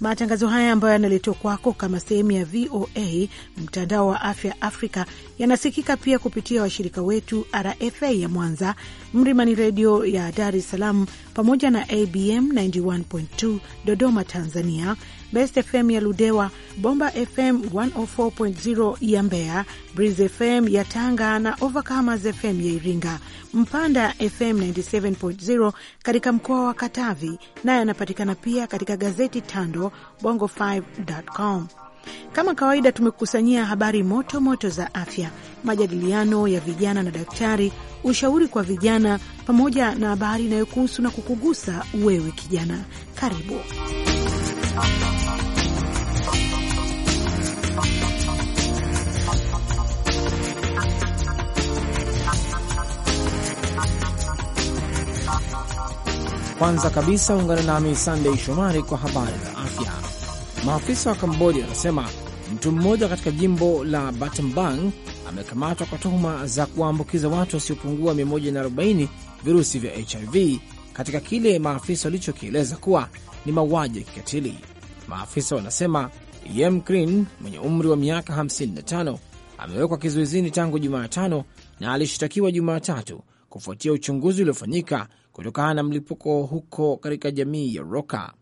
Matangazo haya ambayo yanaletwa kwako kama sehemu ya VOA mtandao wa afya Afrika yanasikika pia kupitia washirika wetu RFA ya Mwanza, Mlimani redio ya Dar es Salaam, pamoja na ABM 91.2 Dodoma, Tanzania, Best FM ya Ludewa, Bomba FM 104.0 ya Mbeya, Breeze FM ya Tanga na Overcomers FM ya Iringa, Mpanda FM 97.0 katika mkoa wa Katavi, naye yanapatikana pia katika gazeti Tando Bongo5.com. Kama kawaida tumekusanyia habari moto moto za afya, majadiliano ya vijana na daktari, ushauri kwa vijana, pamoja na habari inayokuhusu na kukugusa wewe kijana. Karibu. Kwanza kabisa ungana nami sandey Shomari kwa habari za afya. Maafisa wa Kambodia wanasema mtu mmoja katika jimbo la Battambang amekamatwa kwa tuhuma za kuwaambukiza watu wasiopungua 140 virusi vya HIV katika kile maafisa walichokieleza kuwa ni mauaji ya kikatili. Maafisa wanasema Yem Krin mwenye umri wa miaka 55 amewekwa kizuizini tangu Jumatano na alishtakiwa Jumatatu kufuatia uchunguzi uliofanyika kutokana na mlipuko huko katika jamii ya Roka.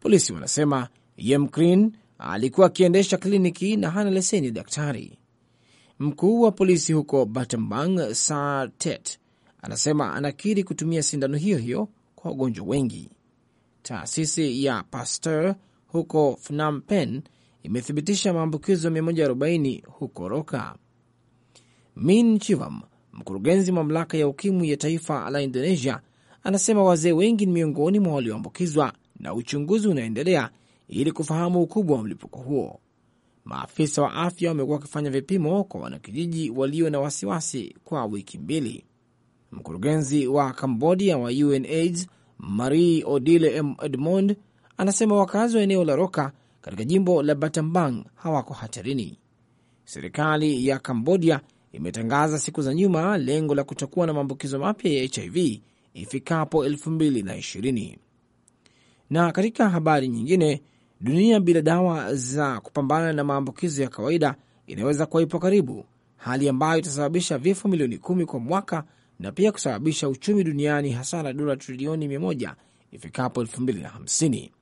Polisi wanasema Yem Krin alikuwa akiendesha kliniki na hana leseni ya daktari. Mkuu wa polisi huko Batambang Tet, Anasema anakiri kutumia sindano hiyo hiyo kwa wagonjwa wengi. Taasisi ya Pasteur huko Phnom Penh imethibitisha maambukizo 140 huko Roka. Min Chivam, mkurugenzi mamlaka ya ukimwi ya taifa la Indonesia, anasema wazee wengi ni miongoni mwa walioambukizwa na uchunguzi unaendelea ili kufahamu ukubwa wa mlipuko huo. Maafisa wa afya wamekuwa wakifanya vipimo kwa wanakijiji walio na wasiwasi kwa wiki mbili. Mkurugenzi wa Cambodia wa UNAIDS Marie Odile Edmond anasema wakazi wa eneo la Roka katika jimbo la Batambang hawako hatarini. Serikali ya Cambodia imetangaza siku za nyuma lengo la kutokuwa na maambukizo mapya ya HIV ifikapo 2020. Na katika habari nyingine, dunia bila dawa za kupambana na maambukizo ya kawaida inaweza kuwa ipo karibu, hali ambayo itasababisha vifo milioni kumi kwa mwaka na pia kusababisha uchumi duniani hasara dola trilioni mia moja ifikapo elfu mbili na hamsini.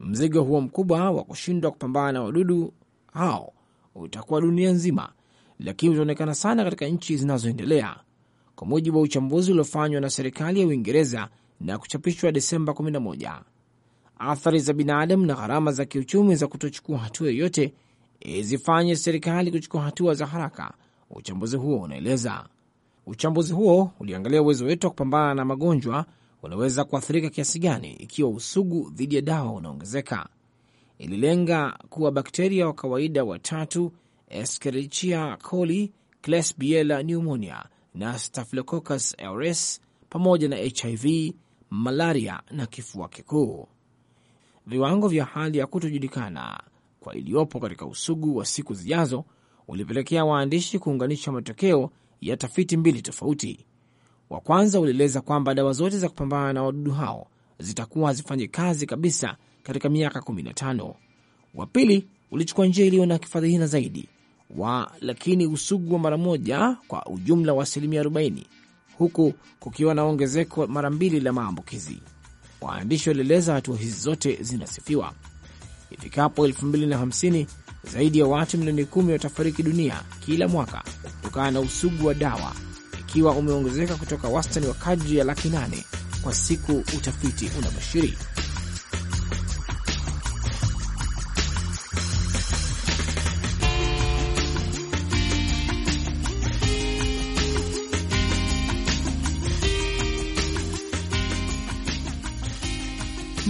Mzigo huo mkubwa wa kushindwa kupambana na wadudu hao utakuwa dunia nzima, lakini utaonekana sana katika nchi zinazoendelea, kwa mujibu wa uchambuzi uliofanywa na serikali ya Uingereza na kuchapishwa Desemba 11. Athari za binadamu na gharama za kiuchumi za kutochukua hatua yoyote izifanye serikali kuchukua hatua za haraka, uchambuzi huo unaeleza. Uchambuzi huo uliangalia uwezo wetu wa kupambana na magonjwa unaweza kuathirika kiasi gani ikiwa usugu dhidi ya dawa unaongezeka. Ililenga kuwa bakteria wa kawaida watatu Escherichia coli, Klebsiella pneumonia na Staphylococcus aureus pamoja na HIV, malaria na kifua kikuu. Viwango vya hali ya kutojulikana kwa iliyopo katika usugu wa siku zijazo ulipelekea waandishi kuunganisha matokeo ya tafiti mbili tofauti. Wa kwanza ulieleza kwamba dawa zote za kupambana na wadudu hao zitakuwa hazifanyi kazi kabisa katika miaka 15. Wa pili ulichukua njia iliyo na kifadhihina zaidi wa lakini usugu wa mara moja kwa ujumla wa asilimia 40, huku kukiwa na ongezeko mara mbili la maambukizi. Waandishi walieleza hatua hizi zote zinasifiwa. Ifikapo 2050 zaidi ya watu milioni kumi watafariki dunia kila mwaka kutokana na usugu wa dawa, ikiwa umeongezeka kutoka wastani wa kadri ya laki nane kwa siku, utafiti unabashiri.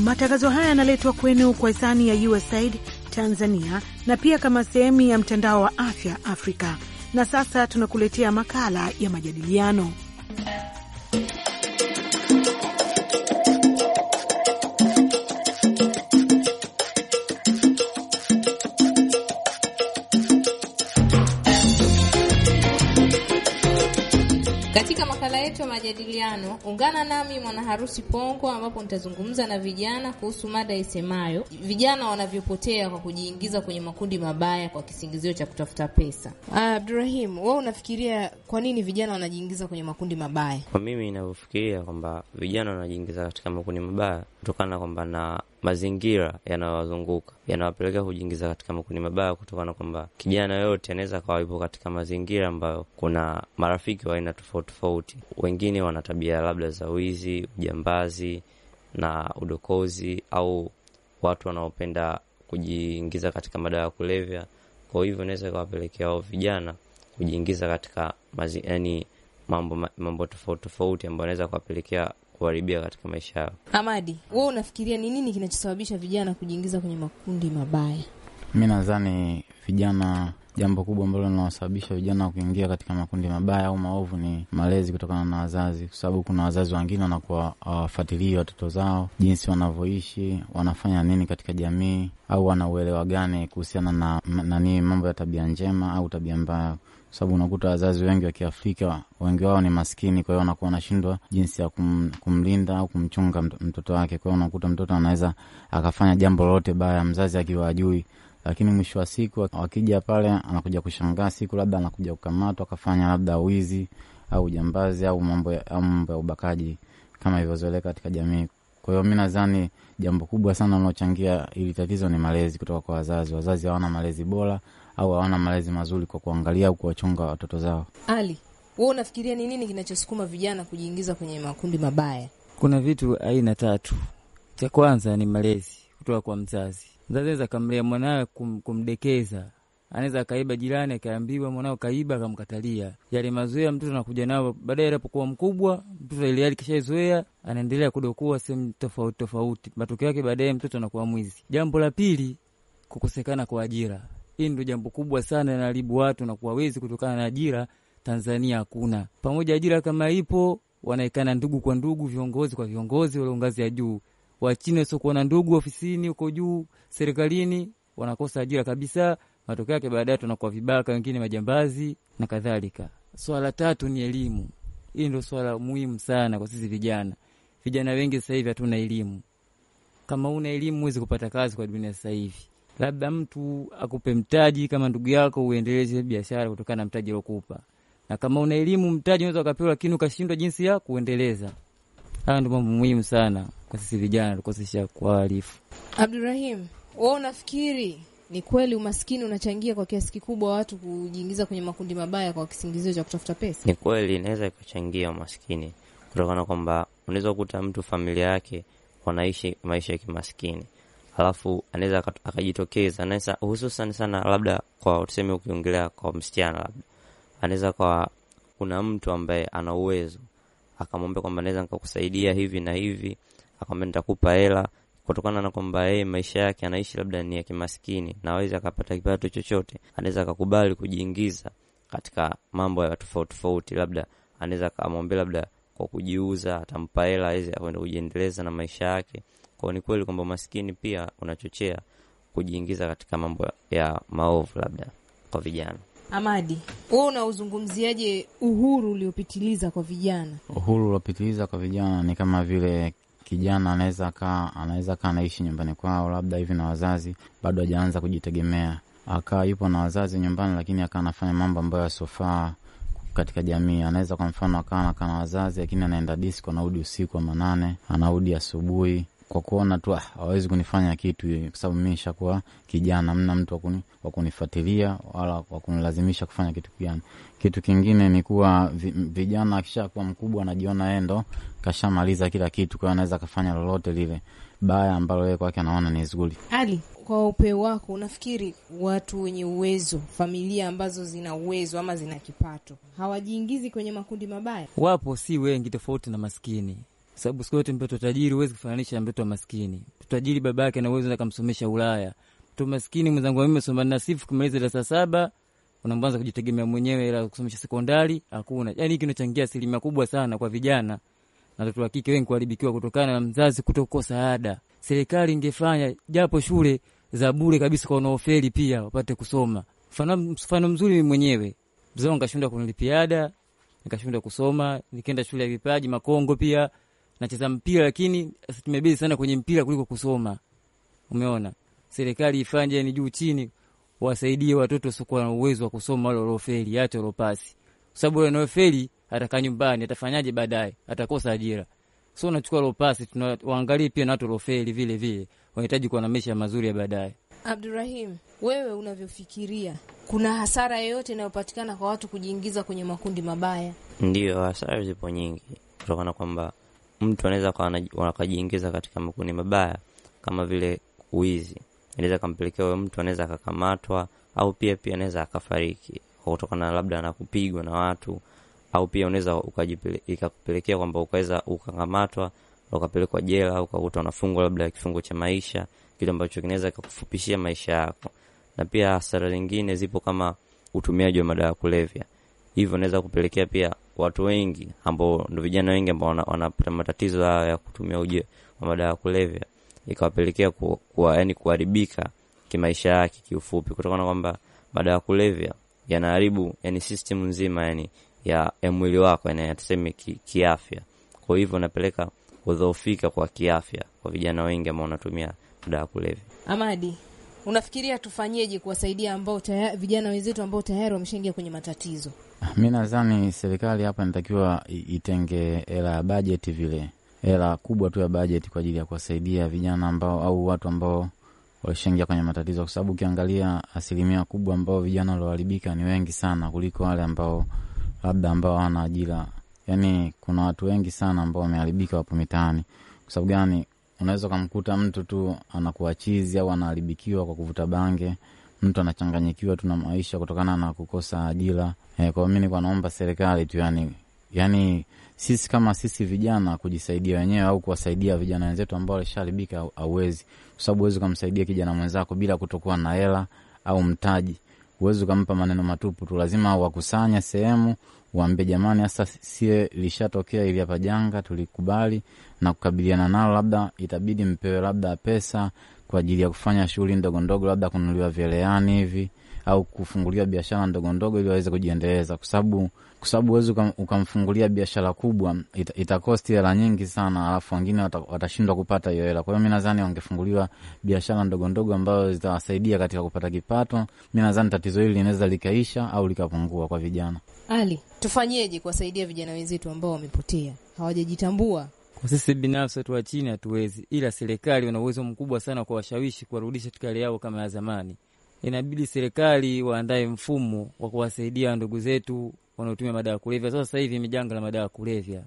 Matangazo haya yanaletwa kwenu kwa hisani ya USAID Tanzania na pia kama sehemu ya mtandao wa afya Afrika. Na sasa tunakuletea makala ya majadiliano. majadiliano, ungana nami mwana harusi Pongo, ambapo nitazungumza na vijana kuhusu mada isemayo vijana wanavyopotea kwa kujiingiza kwenye makundi mabaya kwa kisingizio cha kutafuta pesa. Ah, Abdurahim, wewe unafikiria kwa nini vijana wanajiingiza kwenye makundi mabaya? Kwa mimi inavyofikiria kwamba vijana wanajiingiza katika makundi mabaya kutokana kwamba na mazingira yanayowazunguka yanawapelekea kujiingiza katika makundi mabaya, kutokana kwamba kijana yoyote anaweza akawa yupo katika mazingira ambayo kuna marafiki wa aina tofauti tofauti. Wengine wana tabia labda za wizi, ujambazi na udokozi, au watu wanaopenda kujiingiza katika madawa ya kulevya. Kwa hivyo inaweza ikawapelekea wao vijana kujiingiza katika mazi, yani mambo mambo tofauti tofauti ambayo anaweza kuwapelekea kuharibia katika maisha yao. Amadi, we unafikiria ni nini kinachosababisha vijana kujiingiza kwenye makundi mabaya? Mi nadhani vijana Jambo kubwa ambalo linawasababisha vijana kuingia katika makundi mabaya au maovu ni malezi kutokana na wazazi, kwa sababu kuna wazazi wengine wanakuwa uh, hawafuatilii watoto zao jinsi wanavyoishi, wanafanya nini katika jamii, au wanauelewa gani kuhusiana na nani, mambo ya tabia njema au tabia mbaya sababu unakuta wazazi wengi wa Kiafrika wengi wao ni maskini, kwa hiyo wanakuwa wanashindwa jinsi ya kum, kumlinda au kumchunga mtoto wake. Kwa hiyo unakuta mtoto anaweza akafanya jambo lolote baya, mzazi akiwa ajui, lakini mwisho wa siku wakija pale, anakuja kushangaa siku labda anakuja kukamatwa akafanya labda wizi au ujambazi au mambo ya ubakaji kama ilivyozoeleka katika jamii. Kwa hiyo mi nadhani jambo kubwa sana unaochangia hili tatizo ni malezi kutoka kwa wazazi. Wazazi hawana malezi bora au hawana malezi mazuri kwa kuangalia au kuwachunga watoto zao. Ali, wewe unafikiria ni nini kinachosukuma vijana kujiingiza kwenye makundi mabaya? Kuna vitu aina tatu. Cha kwanza ni malezi kutoka kwa mzazi. Mzazi aweza akamlea mwanawe kum, kumdekeza anaweza akaiba jirani, akaambiwa mwanao kaiba, akamkatalia. Yale mazoea mtoto anakuja nao baadaye, anapokuwa mkubwa mtoto ile hali kishazoea, anaendelea kudokua sehemu tofauti tofauti. Matokeo yake baadaye mtoto anakuwa mwizi. Jambo la pili, kukosekana kwa ajira. Hii ndio jambo kubwa sana, inaharibu watu na kuwa wezi. kutokana na ajira. Tanzania hakuna pamoja, ajira kama ipo wanaekana ndugu kwa ndugu, viongozi kwa viongozi, walio ngazi ya juu Wachina wasiokuwa na ndugu ofisini huko juu serikalini wanakosa ajira kabisa. Matokeo yake baadaye tunakuwa vibaka, wengine majambazi na kadhalika. Swala tatu ni elimu. Hii ndio swala muhimu sana kwa sisi vijana. Vijana wengi sasa hivi hatuna elimu. Kama una elimu huwezi kupata kazi kwa dunia sasa hivi, labda mtu akupe mtaji kama ndugu yako, uendeleze biashara kutokana na mtaji aliokupa, na kama una elimu mtaji unaweza ukapewa, lakini ukashindwa jinsi ya kuendeleza. Haya ndio mambo muhimu sana kwa sisi vijana tulikuwa sisha kuwaarifu. Abdurahim, we unafikiri ni kweli umaskini unachangia kwa kiasi kikubwa watu kujiingiza kwenye makundi mabaya kwa kisingizio cha kutafuta pesa? Ni kweli inaweza ikachangia umaskini, kutokana kwamba unaweza kukuta mtu familia yake wanaishi maisha ya kimaskini, alafu anaweza akajitokeza, anaweza hususan sana labda kwa tuseme, ukiongelea kwa msichana, labda anaweza kwa kuna mtu ambaye ana uwezo akamwambia kwamba naweza nikakusaidia hivi na hivi akamwambia nitakupa hela, kutokana na kwamba yeye maisha yake anaishi labda ni ya kimaskini na awezi akapata kipato chochote, anaweza akakubali kujiingiza katika mambo ya tofauti tofauti, labda anaweza akamwambia labda kwa kujiuza atampa hela aweze akwenda kujiendeleza na maisha yake. Kwao ni kweli kwamba maskini pia unachochea kujiingiza katika mambo ya maovu labda kwa vijana. Amadi, wewe unauzungumziaje uhuru uliopitiliza kwa vijana? Uhuru uliopitiliza kwa vijana ni kama vile kijana anaweza kaa anaweza kaa anaishi nyumbani kwao labda hivi na wazazi, bado hajaanza kujitegemea, akaa yupo na wazazi nyumbani, lakini akaa anafanya mambo ambayo yasiofaa katika jamii. Anaweza kwa mfano akaa anakaa na wazazi, lakini anaenda disko, anarudi usiku wa manane, anarudi asubuhi kwa kuona tu hawezi ah, kunifanya kitu, kwa sababu mi nishakuwa kijana, mna mtu wa kunifuatilia wala wa kunilazimisha kufanya kitu gani. Kitu kingine ni kuwa vijana akishakuwa mkubwa anajiona yeye ndo kashamaliza kila kitu, kwa hiyo anaweza akafanya lolote lile baya ambalo yeye kwake anaona ni zuri. Ali, kwa upeo wako unafikiri watu wenye uwezo, familia ambazo zina uwezo ama zina kipato hawajiingizi kwenye makundi mabaya? Wapo, si wengi, tofauti na maskini sababu siku yote mtoto tajiri huwezi kufananisha mtoto maskini. Mtoto tajiri baba yake ana uwezo akamsomesha Ulaya, mtoto maskini mwenzangu mimi soma na sifu kumaliza darasa saba unaanza kujitegemea mwenyewe, ila kusomesha sekondari hakuna. Yani hiki kinachangia asilimia kubwa sana kwa vijana na watoto wa kike wengi kuharibikiwa kutokana na mzazi kutokosa ada. Serikali ingefanya japo shule za bure kabisa kwa wanaofeli pia wapate kusoma. Mfano mzuri mwenyewe mzao, nikashindwa kunilipia ada, nikashindwa kusoma, nikaenda shule ya vipaji Makongo pia nacheza mpira, lakini tumebezi sana kwenye mpira kuliko kusoma. Umeona, serikali ifanye ni juu chini, wasaidie watoto wasiokuwa na uwezo wa kusoma, wale waliofeli, hata waliopasi, kwa sababu wale wanaofeli atakaa nyumbani, atafanyaje baadaye? Atakosa ajira. So unachukua waliopasi, tunawaangalie pia na watu waliofeli vile vile, wanahitaji kuwa na maisha mazuri ya baadaye. Abdurahim, wewe unavyofikiria, kuna hasara yoyote inayopatikana kwa watu kujiingiza kwenye makundi mabaya? Ndio, hasara zipo nyingi, kutokana kwamba mtu anaweza akajiingiza katika makundi mabaya kama vile uizi anaweza kampelekea huyo mtu anaweza akakamatwa, au pia pia anaweza akafariki kutokana labda na kupigwa na watu, au pia unaweza ikakupelekea kwamba ukaweza ukakamatwa ukapelekwa jela, ukakuta unafungwa labda kifungo cha maisha, kitu ambacho kinaweza kukufupishia maisha yako. Na pia hasara nyingine zipo kama utumiaji wa madawa ya kulevya hivyo inaweza kupelekea pia watu wengi ambao ndio vijana wengi ambao wanapata matatizo hayo ya kutumia uje wa madawa ya kulevya, ikawapelekea ku, ku, yani kuharibika kimaisha yake kiufupi, kutokana kwamba madawa ya kulevya yanaharibu yani system nzima yani ya, mwili wako yani tuseme ki, kiafya. Kwa hivyo napeleka kudhoofika kwa kiafya kwa vijana wengi ambao wanatumia madawa ya kulevya. Amadi, unafikiria tufanyeje kuwasaidia ambao vijana wenzetu ambao tayari wameshaingia kwenye matatizo? Mi nadhani serikali hapa inatakiwa itenge hela ya bajeti, vile hela kubwa tu ya bajeti kwa ajili ya kuwasaidia vijana ambao au watu ambao walishaingia kwenye matatizo, kwa sababu ukiangalia asilimia kubwa ambao vijana walioharibika ni wengi sana kuliko wale ambao labda ambao hawana ajira. Yani kuna watu wengi sana ambao wameharibika wapo mitaani. Kwa sababu gani? Unaweza ukamkuta mtu tu anakuachizi au anaharibikiwa kwa kuvuta bange mtu anachanganyikiwa tu na maisha kutokana na kukosa ajira eh, kwao mi nikuwa naomba serikali tu yani, yani sisi kama sisi vijana kujisaidia wenyewe au kuwasaidia vijana wenzetu ambao walishaharibika, auwezi kwa sababu huwezi ukamsaidia kijana mwenzako bila kutokuwa na hela au mtaji. Huwezi ukampa maneno matupu tu, lazima wakusanya sehemu, waambie jamani, hasa sie lishatokea ili hapa janga tulikubali na kukabiliana nalo, labda itabidi mpewe labda pesa kwa ajili ya kufanya shughuli ndogo ndogo, labda kununuliwa vyeleani hivi au kufunguliwa biashara ndogo ndogo ili waweze kujiendeleza, kwa sababu kwa sababu ukamfungulia biashara kubwa, itakosti ita hela nyingi sana, alafu wengine watashindwa kupata hiyo hela. Kwa hiyo mi nadhani wangefunguliwa biashara ndogo ndogo ambazo zitawasaidia katika kupata kipato. Mi nadhani tatizo hili linaweza likaisha au likapungua kwa vijana. Ali, tufanyeje kuwasaidia vijana wenzetu ambao wamepotea, hawajajitambua sisi binafsi watu wa chini hatuwezi, ila serikali wana uwezo mkubwa sana kwa washawishi kuwarudisha katika hali yao kama ya zamani. Inabidi serikali waandae mfumo wa kuwasaidia ndugu zetu wanaotumia madawa ya kulevya. Sasa hivi ni janga la madawa ya kulevya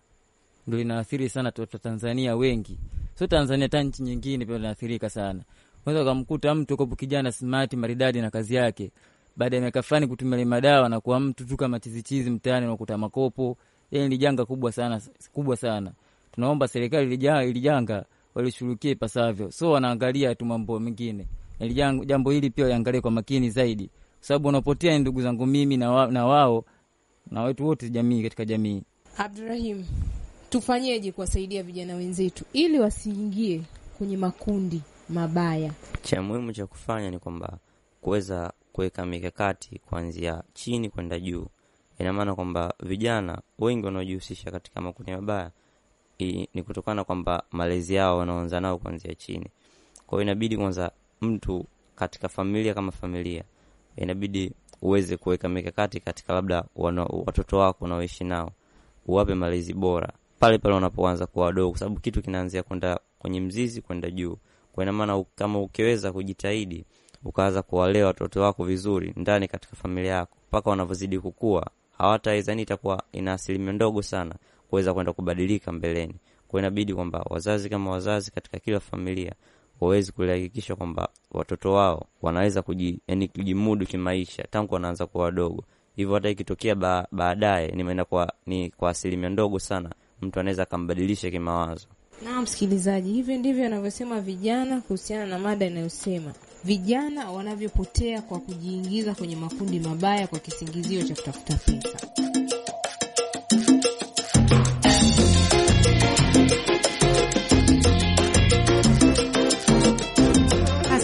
ndo linaathiri sana Tanzania wengi, sio Tanzania, hata nchi nyingine pia linaathirika sana. Unaweza ukamkuta mtu kopo kijana smart maridadi na kazi yake, baada ya miaka fulani kutumia ile madawa na kuwa mtu tu kama chizichizi mtaani, unakuta makopo. Yani ni janga kubwa sana, kubwa sana tunaomba serikali ilijanga janga pasavyo ipasavyo, so wanaangalia tu mambo mengine. Jambo hili pia waangalie kwa makini zaidi, kwa sababu wanapotea ndugu zangu mimi na, wa, na wao na wetu wote jamii katika jamii. Abdurahim, tufanyeje kuwasaidia vijana wenzetu ili wasiingie kwenye makundi mabaya? Cha muhimu cha kufanya ni kwamba kuweza kuweka mikakati kuanzia chini kwenda juu. Ina maana kwamba vijana wengi wanaojihusisha katika makundi mabaya ni kutokana kwamba malezi yao wanaanza nao kuanzia chini. Kwa hiyo inabidi kwanza mtu katika familia kama familia inabidi uweze kuweka mikakati katika labda wana, watoto wako unaoishi nao, uwape malezi bora pale pale wanapoanza kuwa wadogo, kwa sababu kitu kinaanzia kwenda kwenye mzizi kwenda juu. Kwa ina maana kama ukiweza kujitahidi ukaanza kuwalea watoto wako vizuri ndani katika familia yako, mpaka wanavyozidi kukua hawataweza, yaani itakuwa ina asilimia ndogo sana kuweza kwenda kubadilika mbeleni. Kwa inabidi kwamba wazazi kama wazazi katika kila familia wawezi kulihakikisha kwamba watoto wao wanaweza kuji, yani kujimudu kimaisha tangu wanaanza kuwa wadogo. Hivyo hata ikitokea ba, baadaye nimeenda kwa ni kwa asilimia ndogo sana mtu anaweza akambadilisha kimawazo. Na msikilizaji, hivyo ndivyo anavyosema vijana kuhusiana na mada inayosema vijana wanavyopotea kwa kujiingiza kwenye makundi mabaya kwa kisingizio cha kutafuta pesa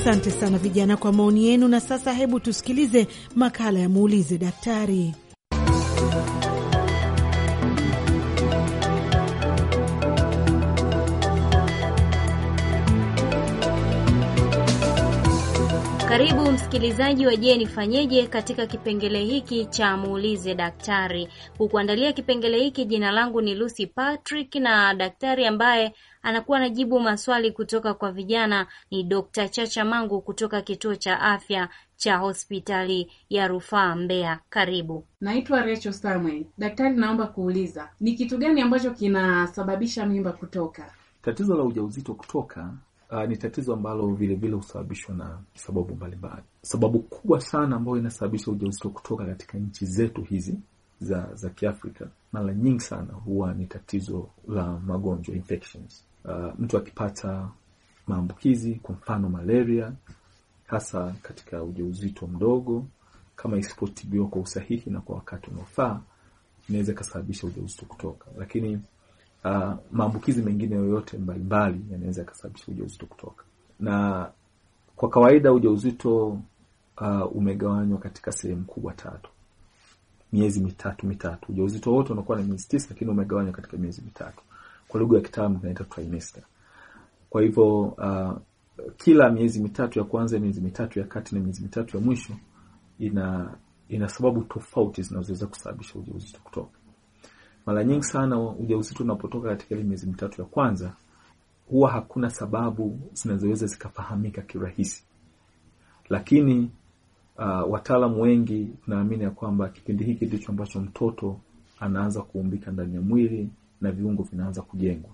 Asante sana vijana kwa maoni yenu. Na sasa hebu tusikilize makala ya muulize daktari. Karibu msikilizaji wa Je, nifanyeje katika kipengele hiki cha muulize daktari. Kukuandalia kipengele hiki, jina langu ni Lucy Patrick, na daktari ambaye anakuwa anajibu maswali kutoka kwa vijana ni Dr. Chacha Mangu kutoka kituo cha afya cha hospitali ya rufaa Mbeya. Karibu. Naitwa Rachel Samuel. Daktari, naomba kuuliza ni kitu gani ambacho kinasababisha mimba kutoka? Tatizo la ujauzito kutoka Uh, ni tatizo ambalo vilevile husababishwa na sababu mbalimbali. Sababu kubwa sana ambayo inasababisha ujauzito kutoka katika nchi zetu hizi za za Kiafrika mara nyingi sana huwa ni tatizo la magonjwa infections uh, mtu akipata maambukizi kwa mfano malaria, hasa katika ujauzito mdogo, kama isipotibiwa kwa usahihi na kwa wakati unaofaa, inaweza ikasababisha ujauzito kutoka. Lakini uh, maambukizi mengine yoyote mbalimbali yanaweza yakasababisha ujauzito kutoka. Na kwa kawaida ujauzito uh, umegawanywa katika sehemu kubwa tatu, miezi mitatu mitatu. Ujauzito wote unakuwa na miezi tisa, lakini umegawanywa katika miezi mitatu kwa lugha ya kitaalamu tunaita trimester. Kwa hivyo uh, kila miezi mitatu ya kwanza, miezi mitatu ya kati na miezi mitatu ya mwisho ina ina sababu tofauti zinazoweza kusababisha ujauzito kutoka. Mara nyingi sana ujauzito unapotoka katika ile miezi mitatu ya kwanza huwa hakuna sababu zinazoweza zikafahamika kirahisi, lakini uh, wataalamu wengi tunaamini ya kwamba kipindi hiki ndicho ambacho mtoto anaanza kuumbika ndani ya mwili na viungo vinaanza kujengwa.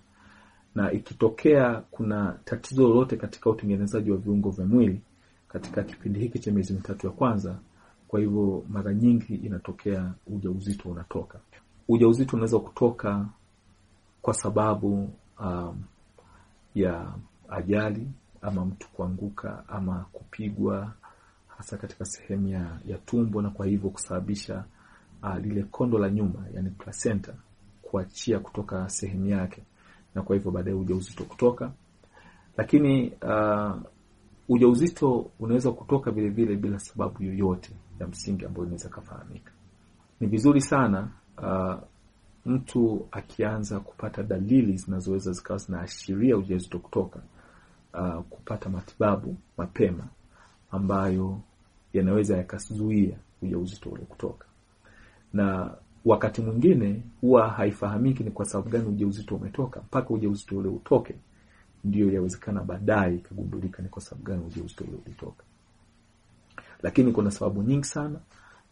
Na ikitokea kuna tatizo lolote katika utengenezaji wa viungo vya mwili katika kipindi hiki cha miezi mitatu ya kwanza, kwa hivyo mara nyingi inatokea ujauzito unatoka. Ujauzito unaweza kutoka kwa sababu um, ya ajali ama mtu kuanguka ama kupigwa hasa katika sehemu ya, ya tumbo na kwa hivyo kusababisha uh, lile kondo la nyuma yani placenta kuachia kutoka sehemu yake, na kwa hivyo baadaye ujauzito kutoka. Lakini uh, ujauzito unaweza kutoka vile vile bila sababu yoyote ya msingi ambayo inaweza kafahamika Ni vizuri sana uh, mtu akianza kupata dalili zinazoweza zikawa zinaashiria ujauzito kutoka uh, kupata matibabu mapema ambayo yanaweza yakazuia ujauzito ule kutoka na wakati mwingine huwa haifahamiki ni kwa sababu gani ujauzito umetoka, mpaka ujauzito ule utoke ndio yawezekana baadaye ikagundulika ni kwa sababu gani ujauzito ule ulitoka. Lakini kuna sababu nyingi sana,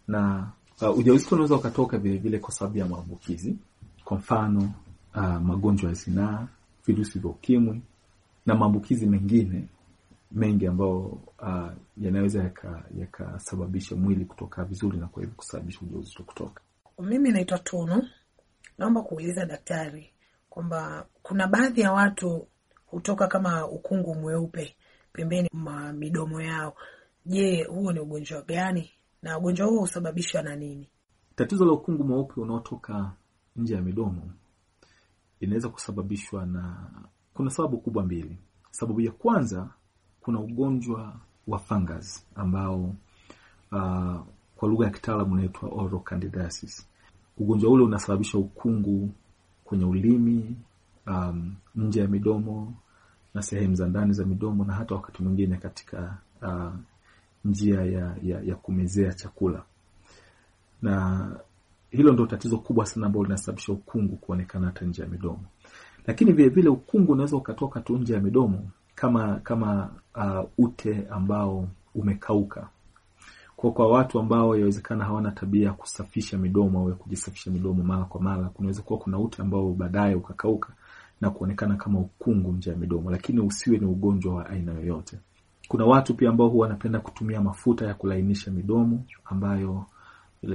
na uh, ujauzito unaweza ukatoka vile vile kwa sababu ya maambukizi, kwa mfano uh, magonjwa ya zinaa, virusi vya ukimwi na maambukizi mengine mengi ambayo uh, yanaweza yakasababisha yaka mwili kutoka vizuri na kwa hivyo kusababisha ujauzito kutoka. Mimi naitwa Tunu, naomba kuuliza daktari kwamba kuna baadhi ya watu hutoka kama ukungu mweupe pembeni mwa midomo yao. Je, huo ni ugonjwa gani na ugonjwa huo husababishwa na nini? Tatizo la ukungu mweupe unaotoka nje ya midomo inaweza kusababishwa na, kuna sababu kubwa mbili. Sababu ya kwanza, kuna ugonjwa wa fungus ambao uh, kwa lugha ya kitaalamu unaitwa oral candidiasis. Ugonjwa ule unasababisha ukungu kwenye ulimi, um, nje ya midomo na sehemu za ndani za midomo na hata wakati mwingine katika uh, njia ya, ya, ya kumezea chakula, na hilo ndo tatizo kubwa sana ambalo linasababisha ukungu kuonekana hata nje ya midomo. Lakini vile vile ukungu unaweza ukatoka tu nje ya midomo kama kama uh, ute ambao umekauka kwa, kwa watu ambao yawezekana hawana tabia ya kusafisha midomo au kujisafisha midomo mara kwa mara, kunaweza kuwa kuna ute ambao baadaye ukakauka na kuonekana kama ukungu nje ya midomo, lakini usiwe ni ugonjwa wa aina yoyote. Kuna watu pia ambao huwa wanapenda kutumia mafuta ya kulainisha midomo ambayo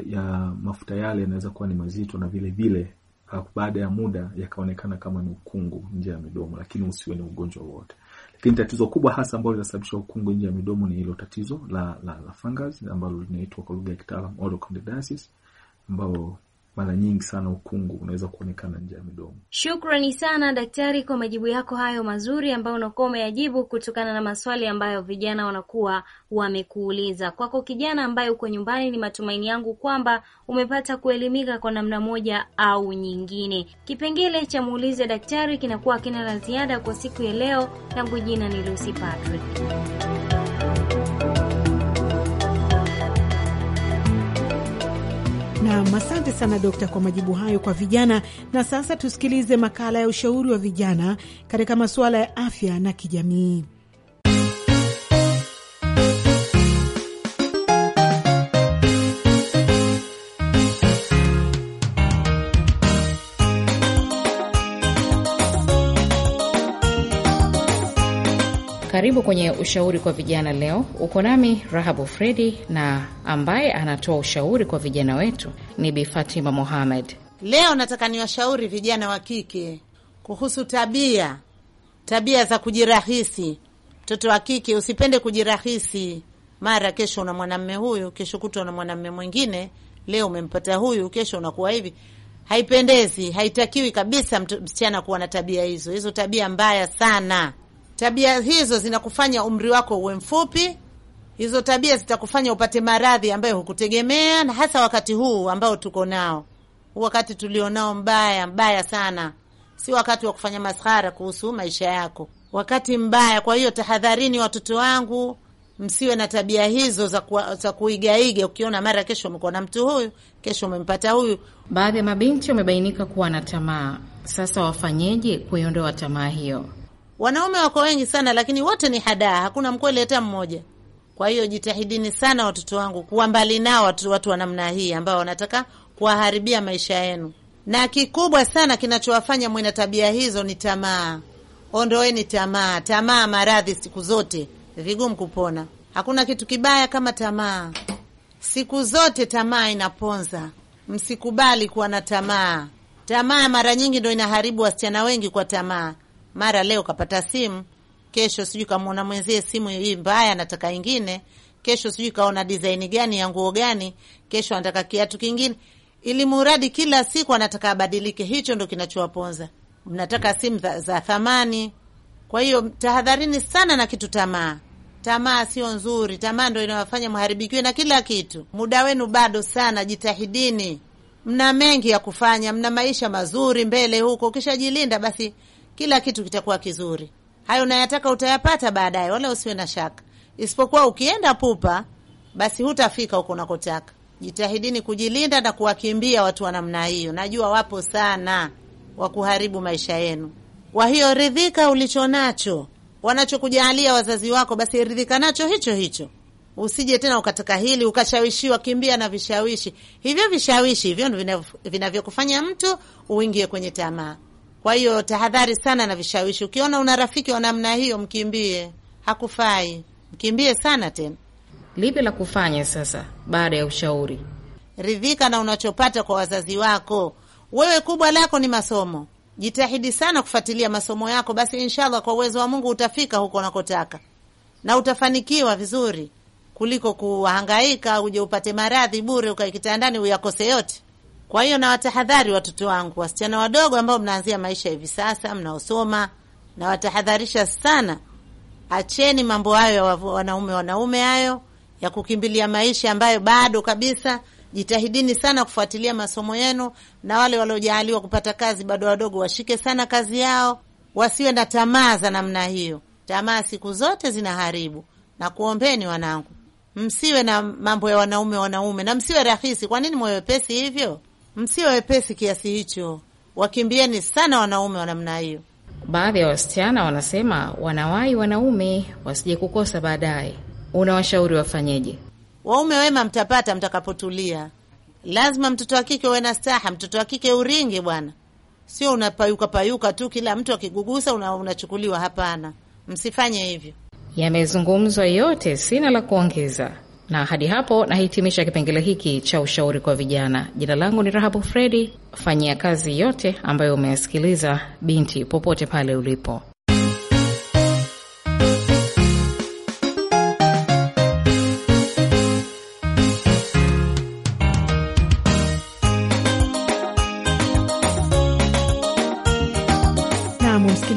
ya mafuta yale yanaweza kuwa ni mazito na vile vile ah, baada ya muda yakaonekana kama ni ukungu nje ya midomo, lakini usiwe ni ugonjwa wowote. Lakini tatizo kubwa hasa ambalo linasababisha ukungu nje ya midomo ni hilo tatizo la, la, la fungus ambalo linaitwa kwa lugha ya kitaalamu oral candidiasis ambao mara nyingi sana ukungu unaweza kuonekana nje ya midomo. Shukrani sana daktari kwa majibu yako hayo mazuri ambayo unakuwa umeyajibu kutokana na maswali ambayo vijana wanakuwa wamekuuliza. Kwako kijana ambaye uko nyumbani, ni matumaini yangu kwamba umepata kuelimika kwa namna moja au nyingine. Kipengele cha muulize daktari kinakuwa kina la ziada kwa siku ya leo, langu jina ni Lucy Patrick. Nam, asante sana dokta kwa majibu hayo kwa vijana. Na sasa tusikilize makala ya ushauri wa vijana katika masuala ya afya na kijamii. Karibu kwenye ushauri kwa vijana leo. Uko nami Rahabu Fredi, na ambaye anatoa ushauri kwa vijana wetu ni Bi Fatima Mohamed. Leo nataka niwashauri vijana wa kike kuhusu tabia, tabia za kujirahisi. Mtoto wa kike usipende kujirahisi, mara kesho una mwanamme huyu, kesho kutwa una mwanamme mwingine, leo umempata huyu, kesho unakuwa hivi. Haipendezi, haitakiwi kabisa msichana kuwa na tabia hizo. Hizo tabia mbaya sana Tabia hizo zinakufanya umri wako uwe mfupi. Hizo tabia zitakufanya upate maradhi ambayo hukutegemea, na hasa wakati huu ambao tuko nao, wakati tulionao mbaya mbaya sana. Si wakati wa kufanya maskhara kuhusu maisha yako, wakati mbaya. Kwa hiyo tahadharini, watoto wangu, msiwe na tabia hizo za, za kuigaiga. Ukiona mara kesho umekuwa na mtu huyu, kesho umempata huyu. Baadhi ya mabinti wamebainika kuwa na tamaa. Sasa wafanyeje kuiondoa tamaa hiyo? Wanaume wako wengi sana, lakini wote ni hadaa, hakuna mkweli hata mmoja. Kwa hiyo jitahidini sana watoto wangu, kuwa mbali nao watu, watu wa namna hii ambao wanataka kuwaharibia maisha yenu, na kikubwa sana kinachowafanya mwe na tabia hizo ni tamaa. Ondoeni tamaa. Tamaa maradhi siku zote, vigumu kupona. Hakuna kitu kibaya kama tamaa, siku zote tamaa inaponza. Msikubali kuwa na tamaa. Tamaa mara nyingi ndo inaharibu wasichana wengi kwa tamaa mara leo kapata simu, kesho sijui kamwona mwenzie simu hii mbaya, anataka ingine, kesho sijui kaona design gani ya nguo gani, kesho anataka kiatu kingine, ili muradi kila siku anataka abadilike. Hicho ndo kinachowaponza. Mnataka mm. simu za, za thamani. Kwa hiyo tahadharini sana na kitu tamaa. Tamaa sio nzuri, tamaa ndo inawafanya mharibikiwe na kila kitu. Muda wenu bado sana, jitahidini, mna mengi ya kufanya, mna maisha mazuri mbele huko. Ukishajilinda basi kila kitu kitakuwa kizuri. Hayo unayataka utayapata baadaye, wala usiwe na shaka, isipokuwa ukienda pupa, basi hutafika huko unakotaka. Jitahidini kujilinda na kuwakimbia watu wa namna hiyo, najua wapo sana wa kuharibu maisha yenu. Kwa hiyo ridhika ulicho nacho, wanachokujaalia wazazi wako, basi ridhika nacho hicho hicho. Usije tena ukataka hili ukashawishiwa, kimbia na vishawishi hivyo. Vishawishi hivyo vinavyokufanya vina mtu uingie kwenye tamaa. Kwa hiyo tahadhari sana na vishawishi. Ukiona una rafiki wa namna hiyo, mkimbie, hakufai, mkimbie sana. Tena lipi la kufanya sasa baada ya ushauri? Ridhika na unachopata kwa wazazi wako. Wewe kubwa lako ni masomo, jitahidi sana kufuatilia masomo yako, basi inshallah, kwa uwezo wa Mungu utafika huko unakotaka na utafanikiwa vizuri kuliko kuhangaika uje upate maradhi bure ukae kitandani uyakose yote. Kwa hiyo nawatahadhari watoto wangu, wasichana wadogo ambao mnaanzia maisha hivi sasa, mnaosoma, nawatahadharisha sana, acheni mambo hayo ya wanaume wanaume hayo ya kukimbilia maisha ambayo bado kabisa. Jitahidini sana kufuatilia masomo yenu, na wale waliojaaliwa kupata kazi bado wadogo, washike sana kazi yao, wasiwe na tamaa za namna hiyo. Tamaa siku zote zinaharibu, na kuombeni wanangu, msiwe na mambo ya wanaume wanaume, na msiwe rahisi. Kwa nini mwepesi hivyo? msio wepesi kiasi hicho, wakimbieni sana wanaume wa namna hiyo. Baadhi ya wasichana wanasema wanawahi wanaume wasije kukosa baadaye. Unawashauri wafanyeje? Waume wema mtapata mtakapotulia. Lazima mtoto wa kike uwe na staha, mtoto wa kike uringi bwana, sio unapayuka payuka tu, kila mtu akigugusa unachukuliwa. Hapana, msifanye hivyo. Yamezungumzwa yote, sina la kuongeza na hadi hapo nahitimisha kipengele hiki cha ushauri kwa vijana. Jina langu ni Rahabu Fredi. Fanyia kazi yote ambayo umeyasikiliza, binti, popote pale ulipo.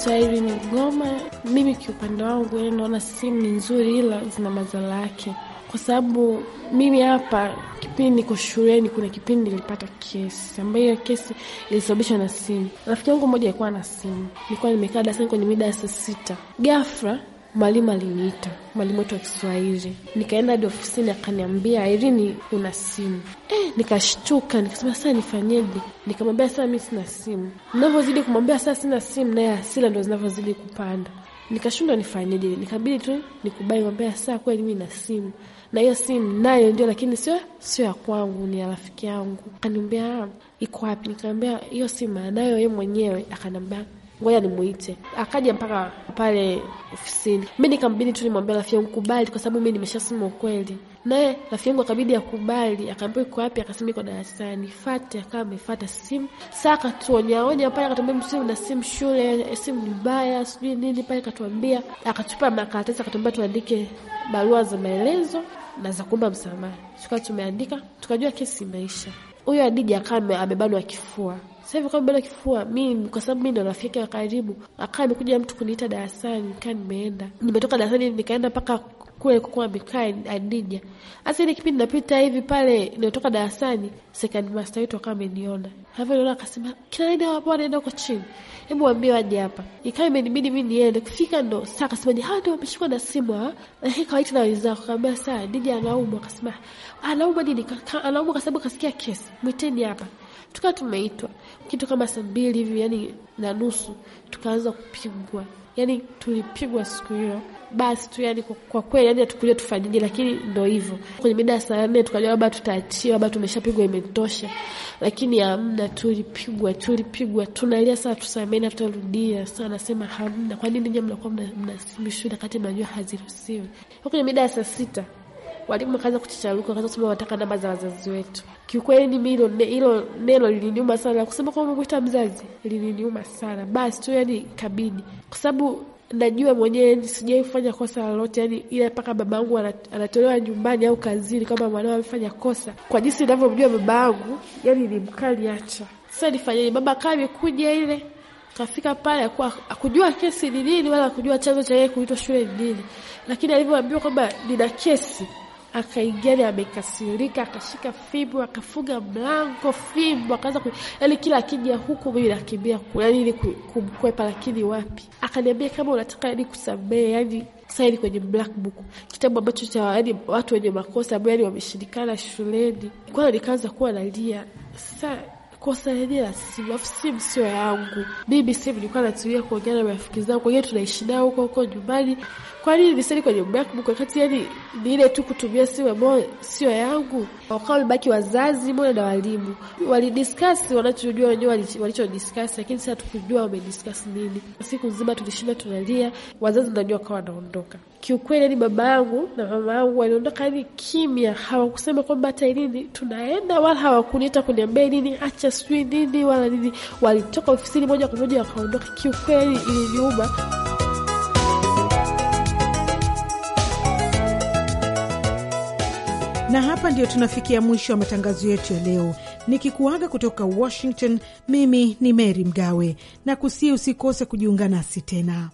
Swahili ni goma. Mimi kiupande wangu naona simu ni nzuri, ila zina madhara yake, kwa sababu mimi hapa kipindi niko shuleni, kuna kipindi nilipata kesi ambayo hiyo kesi ilisababishwa na simu. Rafiki yangu mmoja alikuwa na simu, nilikuwa nimekaa darasani kwenye mida ya saa sita, ghafla Mwalimu aliniita, mwalimu wetu wa Kiswahili. Nikaenda hadi ofisini, akaniambia Irini, una simu eh? Nikashtuka, nikasema sasa nifanyeje? Nikamwambia sasa mi sina simu. Navyozidi kumwambia sasa sina simu, naye hasira ndo zinavyozidi kupanda. Nikashindwa nifanyeje, nikabidi tu nikubali kwamba saa kweli mi na simu na hiyo simu nayo ndio, lakini sio sio ya kwangu, ni ya rafiki yangu. Akaniambia ah, iko wapi? Nikaambia hiyo simu anayo ye mwenyewe. Akaniambia ngoja nimuite. Akaja mpaka pale ofisini, mi nikambidi tu nimwambia rafiki yangu kubali, kwa sababu mi nimeshasema ukweli. Naye rafiki yangu akabidi akubali, akaambia iko wapi, akasema iko darasani. Fate akawa amefata simu saa, akatuonyaonya pale, akatuambia msiwe na simu shule, simu ni mbaya, sijui nini pale, akatuambia, akatupa makaratasi, akatuambia tuandike barua za maelezo na za kuomba msamaha. Tukawa tumeandika, tukajua kesi imeisha. Huyo Adija akawa amebanwa kifua sasa hivi kama bado kifua mimi, kwa sababu mimi ndo rafiki wa karibu, akawa amekuja mtu kuniita darasani, nimeenda, nimetoka darasani nikaenda mpaka kule kukuwa Adija. ile kipindi napita hivi pale darasani, second master wetu akawa ameniona hapo, niona akasema, kila nini hapo anaenda huko chini, hebu waambie waje hapa. Ikawa imenibidi mimi niende, kufika ndo saa akasema, hawa ndio wameshikwa na simu ah? kawaita na wenzako. Kaambia saa Adija anaumwa, akasema anaumwa nini? Anaumwa kwa sababu kasikia kesi, mwiteni hapa tukawa tumeitwa kitu kama saa mbili hivi yani na nusu, tukaanza kupigwa, yani tulipigwa siku hiyo basi tu yani, kwa kweli yani hatukuja tufanyije, lakini ndo hivyo. Kwenye mida ya saa nne tukajua labda tutaachiwa, labda tumeshapigwa imetosha, lakini hamna, tulipigwa tulipigwa, tunalia sana, tusameni, tutarudia sana. Anasema hamna, kwa nini nyie mnakuwa mnasimishwa wakati mnajua haziruhusiwi? Kwenye mida ya saa sita Walimu wakaanza kuchacharuka, wakaanza kusema wanataka namba za wazazi wetu. Kiukweli mimi hilo hilo neno liliniuma sana, kusema kwamba kuita mzazi liliniuma sana. Basi tu yani kabidi, kwa sababu najua mwenyewe sijai kufanya kosa lolote, yani ila mpaka baba yangu anatolewa nyumbani au kazini kama mwanao amefanya kosa. Kwa jinsi ninavyomjua baba yangu, yani ni mkali, acha sasa nifanyeje? Baba kaa amekuja ile kafika pale akuwa akujua kesi ni nini wala akujua chanzo cha yeye kuitwa shule ni nini, lakini alivyoambiwa kwamba nina kesi akaingia ni amekasirika, akashika fimbo, akafunga mlango fimbo, akaanza yani, kila akija huku mimi nakimbia yani, ili kumkwepa, lakini wapi. Akaniambia kama unataka yani kusamehe, yani saini kwenye black book, kitabu ambacho cha yani watu wenye makosa ambayo yani wameshindikana shuleni. Kwanza nikaanza kuwa nalia sasa kosa lenye yaani la simu, afu simu sio yangu mimi. Simu nilikuwa natumia kuongea na marafiki zangu, wengine tunaishi nao huko huko nyumbani, kwa nini liseli kwenye blackbook wakati yani ni ile tu kutumia siwe mo sio yangu. Wakawa wamebaki wazazi moja na walimu, walidiscuss wanachojua wenyewe walichodiscuss, lakini sasa tukujua wamediscuss nini. Siku nzima tulishinda tunalia, wazazi ndio wakawa wanaondoka. Kiukweli yani baba yangu na mama yangu waliondoka yani kimya, hawakusema kwamba hata nini tunaenda, wala hawakuniita kuniambia nini acha sijui nini wala nini. Walitoka ofisini moja kwa moja wakaondoka. Kiukweli iliniuma. Na hapa ndio tunafikia mwisho wa matangazo yetu ya leo, nikikuaga kutoka Washington. Mimi ni Mary Mgawe na kusie, usikose kujiunga nasi tena.